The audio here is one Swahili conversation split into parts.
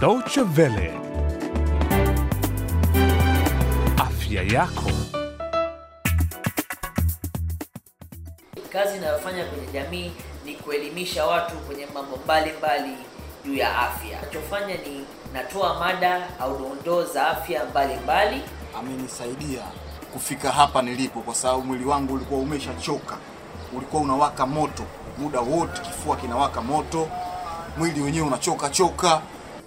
Deutsche Welle. Afya yako. Kazi inayofanya kwenye jamii ni kuelimisha watu kwenye mambo mbalimbali juu ya afya. Nachofanya ni natoa mada au dondoo za afya mbalimbali. Amenisaidia kufika hapa nilipo kwa sababu mwili wangu ulikuwa umeshachoka. Ulikuwa unawaka moto muda wote, kifua kinawaka moto, mwili wenyewe unachoka choka.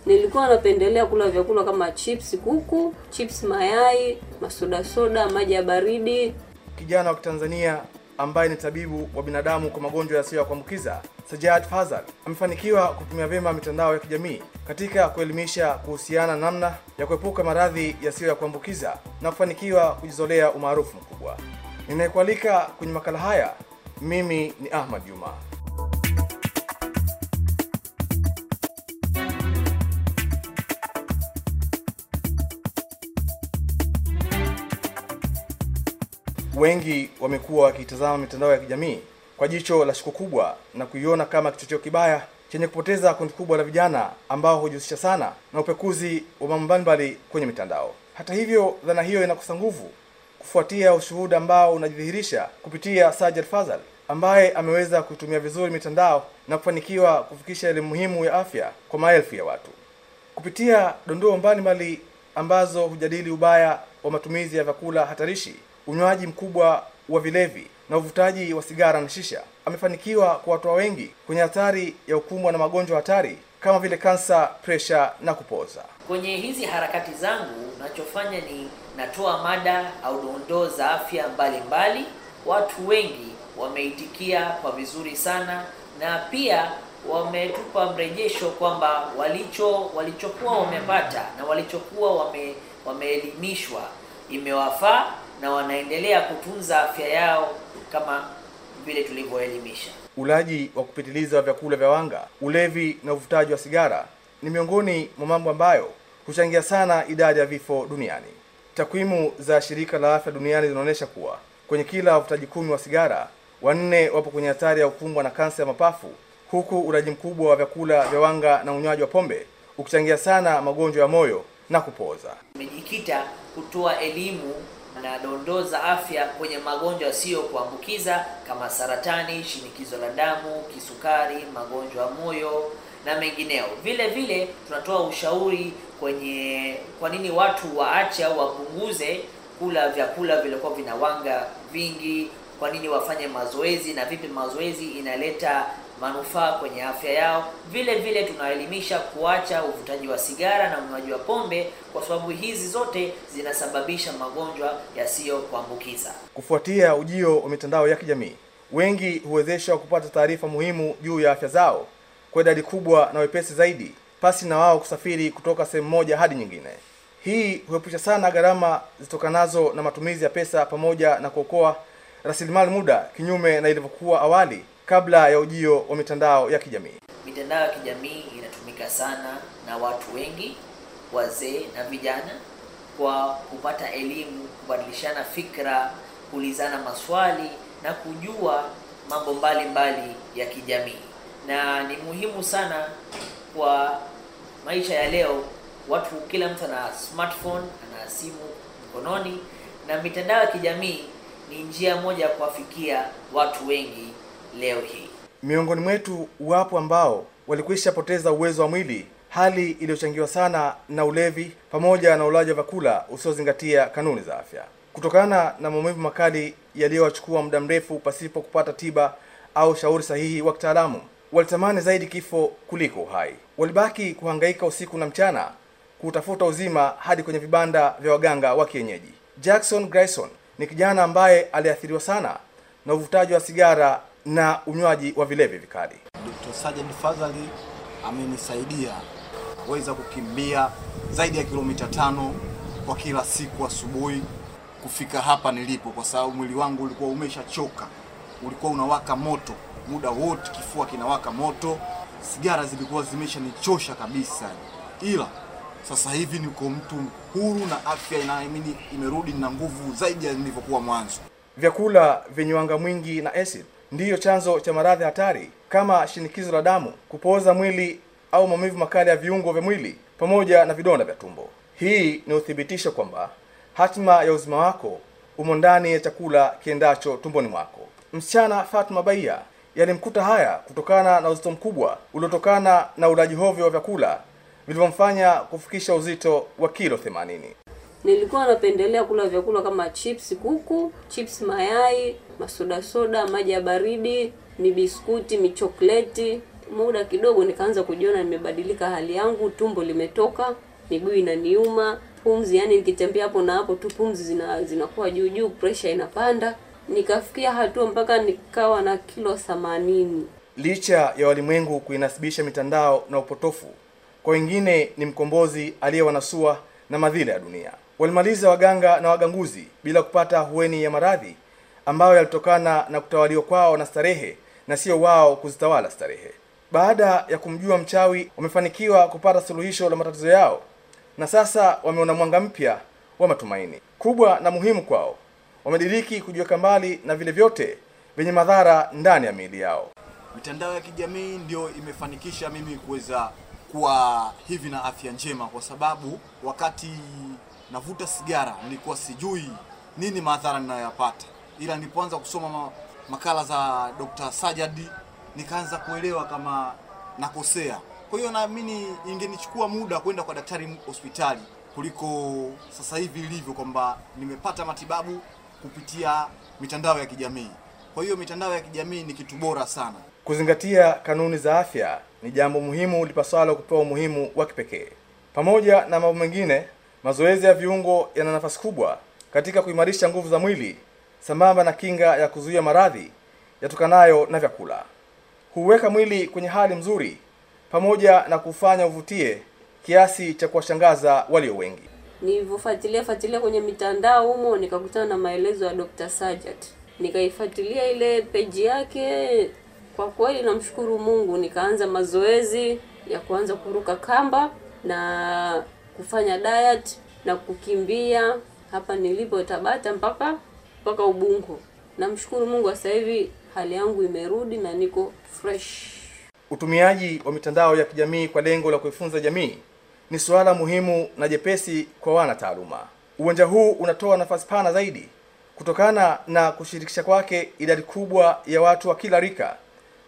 Nilikuwa napendelea kula vyakula kama chips kuku, chips mayai, masoda soda, maji ya baridi. Kijana wa Kitanzania ambaye ni tabibu wa binadamu kwa magonjwa yasiyo ya kuambukiza Sajad Fazal amefanikiwa kutumia vyema mitandao ya kijamii katika kuelimisha kuhusiana namna ya kuepuka maradhi yasiyo ya kuambukiza na kufanikiwa kujizolea umaarufu mkubwa. Ninayekualika kwenye makala haya mimi ni Ahmad Juma. Wengi wamekuwa wakitazama mitandao ya kijamii kwa jicho la shiko kubwa na kuiona kama kichocheo kibaya chenye kupoteza kundi kubwa la vijana ambao hujihusisha sana na upekuzi wa mambo mbalimbali kwenye mitandao. Hata hivyo, dhana hiyo inakosa nguvu kufuatia ushuhuda ambao unajidhihirisha kupitia Sajid Fazal ambaye ameweza kutumia vizuri mitandao na kufanikiwa kufikisha elimu muhimu ya afya kwa maelfu ya watu kupitia dondoo mbalimbali ambazo hujadili ubaya wa matumizi ya vyakula hatarishi, unywaji mkubwa wa vilevi na uvutaji wa sigara na shisha. Amefanikiwa kuwatoa wengi kwenye hatari ya ukumbwa na magonjwa hatari kama vile kansa, presha na kupoza. Kwenye hizi harakati zangu, nachofanya ni natoa mada au dondoo za afya mbalimbali. Watu wengi wameitikia kwa vizuri sana na pia wametupa mrejesho kwamba walicho walichokuwa wamepata na walichokuwa wame, wameelimishwa imewafaa na wanaendelea kutunza afya yao kama vile tulivyoelimisha. Ulaji wa kupitiliza wa vyakula vya wanga, ulevi na uvutaji wa sigara ni miongoni mwa mambo ambayo huchangia sana idadi ya vifo duniani. Takwimu za shirika la afya duniani zinaonyesha kuwa kwenye kila wavutaji kumi wa sigara wanne wapo kwenye hatari ya kukumbwa na kansa ya mapafu, huku ulaji mkubwa wa vyakula vya wanga na unywaji wa pombe ukichangia sana magonjwa ya moyo na kupooza. Tumejikita kutoa elimu na dondoo za afya kwenye magonjwa yasiyokuambukiza kuambukiza kama saratani, shinikizo la damu, kisukari, magonjwa ya moyo na mengineo. Vile vile tunatoa ushauri kwenye kwa nini watu waache au wapunguze kula vyakula vilikuwa vina wanga vingi kwa nini wafanye mazoezi na vipi mazoezi inaleta manufaa kwenye afya yao. Vile vile tunaelimisha kuacha uvutaji wa sigara na unywaji wa pombe, kwa sababu hizi zote zinasababisha magonjwa yasiyokuambukiza. Kufuatia ujio wa mitandao ya kijamii, wengi huwezesha kupata taarifa muhimu juu ya afya zao kwa idadi kubwa na wepesi zaidi, pasi na wao kusafiri kutoka sehemu moja hadi nyingine. Hii huepusha sana gharama zitokanazo na matumizi ya pesa pamoja na kuokoa rasilimali muda kinyume na ilivyokuwa awali kabla ya ujio wa mitandao ya kijamii. Mitandao ya kijamii inatumika sana na watu wengi, wazee na vijana, kwa kupata elimu, kubadilishana fikra, kuulizana maswali na kujua mambo mbalimbali mbali ya kijamii, na ni muhimu sana kwa maisha ya leo. Watu kila mtu ana smartphone, ana simu mkononi, na mitandao ya kijamii ni njia moja ya kuwafikia watu wengi leo hii. Miongoni mwetu wapo ambao walikwisha poteza uwezo wa mwili, hali iliyochangiwa sana na ulevi pamoja na ulaji wa vyakula usiozingatia kanuni za afya. Kutokana na maumivu makali yaliyowachukua muda mrefu pasipo kupata tiba au shauri sahihi wa kitaalamu, walitamani zaidi kifo kuliko uhai. Walibaki kuhangaika usiku na mchana kutafuta uzima hadi kwenye vibanda vya waganga wa kienyeji. Jackson Grayson ni kijana ambaye aliathiriwa sana na uvutaji wa sigara na unywaji wa vilevi vikali. Dr. Sajid Fadhali amenisaidia kuweza kukimbia zaidi ya kilomita tano kwa kila siku asubuhi kufika hapa nilipo, kwa sababu mwili wangu ulikuwa umeshachoka, ulikuwa unawaka moto muda wote, kifua kinawaka moto, sigara zilikuwa zimeshanichosha kabisa, ila sasa hivi niko mtu huru na afya inaamini imerudi na nguvu zaidi ya nilivyokuwa mwanzo. Vyakula vyenye wanga mwingi na acid ndiyo chanzo cha maradhi hatari kama shinikizo la damu, kupooza mwili au maumivu makali ya viungo vya mwili pamoja na vidonda vya tumbo. Hii ni uthibitisho kwamba hatima ya uzima wako umo ndani ya chakula kiendacho tumboni mwako. Msichana Fatma Baia yalimkuta haya kutokana na uzito mkubwa uliotokana na ulaji hovyo wa vyakula vilivyomfanya kufikisha uzito wa kilo 80. Nilikuwa napendelea kula vyakula kama chips kuku, chips mayai, masoda soda, maji ya baridi, mibiskuti, michokleti. Muda kidogo nikaanza kujiona nimebadilika hali yangu, tumbo limetoka, miguu inaniuma, pumzi, yani nikitembea hapo na hapo tu pumzi zina zinakuwa juu juu, pressure inapanda. Nikafikia hatua mpaka nikawa na kilo 80. Licha ya walimwengu kuinasibisha mitandao na upotofu kwa wengine ni mkombozi aliyewanasua na madhila ya dunia. Walimaliza waganga na waganguzi bila kupata hueni ya maradhi ambayo yalitokana na kutawaliwa kwao na starehe na sio wao kuzitawala starehe. Baada ya kumjua mchawi, wamefanikiwa kupata suluhisho la matatizo yao, na sasa wameona mwanga mpya wa matumaini. Kubwa na muhimu kwao, wamediriki kujiweka mbali na vile vyote vyenye madhara ndani ya miili yao. Mitandao ya kijamii ndio imefanikisha mimi kuweza kuwa hivi na afya njema, kwa sababu wakati navuta sigara nilikuwa sijui nini madhara ninayoyapata, ila nilipoanza kusoma makala za Dr. Sajadi nikaanza kuelewa kama nakosea. Kwa hiyo naamini ingenichukua muda kwenda kwa daktari hospitali kuliko sasa hivi ilivyo kwamba nimepata matibabu kupitia mitandao ya kijamii. Kwa hiyo mitandao ya kijamii ni kitu bora sana. Kuzingatia kanuni za afya ni jambo muhimu lipaswalo kupewa umuhimu wa kipekee. Pamoja na mambo mengine, mazoezi ya viungo yana nafasi kubwa katika kuimarisha nguvu za mwili sambamba na kinga ya kuzuia maradhi yatokanayo na vyakula. Huweka mwili kwenye hali mzuri pamoja na kufanya uvutie kiasi cha kuwashangaza walio wengi. Nilivyofuatilia fuatilia kwenye mitandao humo, nikakutana na maelezo ya Dr. Sajat nikaifuatilia ile peji yake. Kwa kweli namshukuru Mungu, nikaanza mazoezi ya kuanza kuruka kamba na kufanya diet na kukimbia hapa nilipo Tabata mpaka mpaka Ubungo. Namshukuru Mungu, sasa hivi hali yangu imerudi na niko fresh. Utumiaji wa mitandao ya kijamii kwa lengo la kuifunza jamii ni suala muhimu na jepesi kwa wana taaluma. Uwanja huu unatoa nafasi pana zaidi kutokana na kushirikisha kwake idadi kubwa ya watu wa kila rika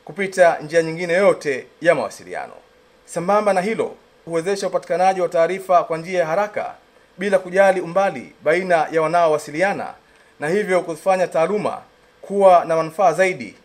kupita njia nyingine yote ya mawasiliano. Sambamba na hilo, huwezesha upatikanaji wa taarifa kwa njia ya haraka bila kujali umbali baina ya wanaowasiliana na hivyo kufanya taaluma kuwa na manufaa zaidi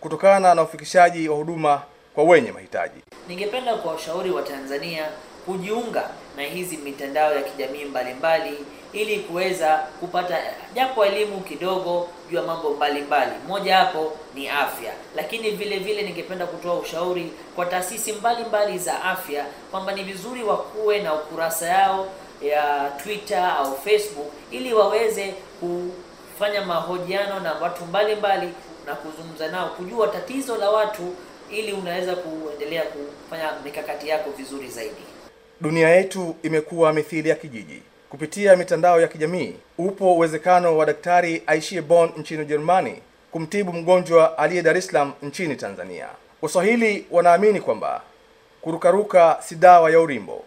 kutokana na ufikishaji wa huduma kwa wenye mahitaji. Ningependa kuwashauri Watanzania kujiunga na hizi mitandao ya kijamii mbalimbali ili kuweza kupata japo elimu kidogo juu ya mambo mbalimbali. Moja hapo ni afya, lakini vile vile ningependa kutoa ushauri kwa taasisi mbalimbali za afya kwamba ni vizuri wakuwe na ukurasa yao ya Twitter au Facebook ili waweze kufanya mahojiano na watu mbalimbali mbali na kuzungumza nao kujua tatizo la watu, ili unaweza kuendelea kufanya mikakati yako vizuri zaidi. Dunia yetu imekuwa mithili ya kijiji. Kupitia mitandao ya kijamii, upo uwezekano wa daktari aishie Bonn nchini Ujerumani kumtibu mgonjwa aliye Dar es Salaam nchini Tanzania. Waswahili wanaamini kwamba kurukaruka si dawa ya urimbo,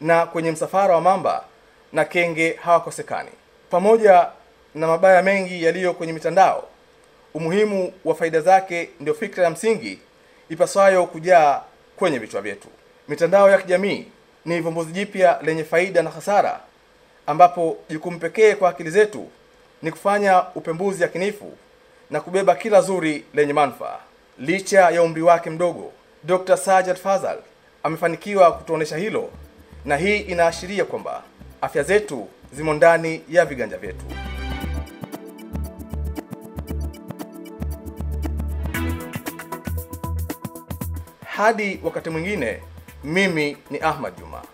na kwenye msafara wa mamba na kenge hawakosekani. Pamoja na mabaya mengi yaliyo kwenye mitandao, umuhimu wa faida zake ndio fikra ya msingi ipaswayo kujaa kwenye vichwa vyetu. Mitandao ya kijamii ni vumbuzi jipya lenye faida na hasara, ambapo jukumu pekee kwa akili zetu ni kufanya upembuzi kinifu na kubeba kila zuri lenye manufaa. Licha ya umri wake mdogo, Dr. Sajad Fazal amefanikiwa kutuonesha hilo, na hii inaashiria kwamba afya zetu zimo ndani ya viganja vyetu. Hadi wakati mwingine. Mimi ni Ahmad Juma.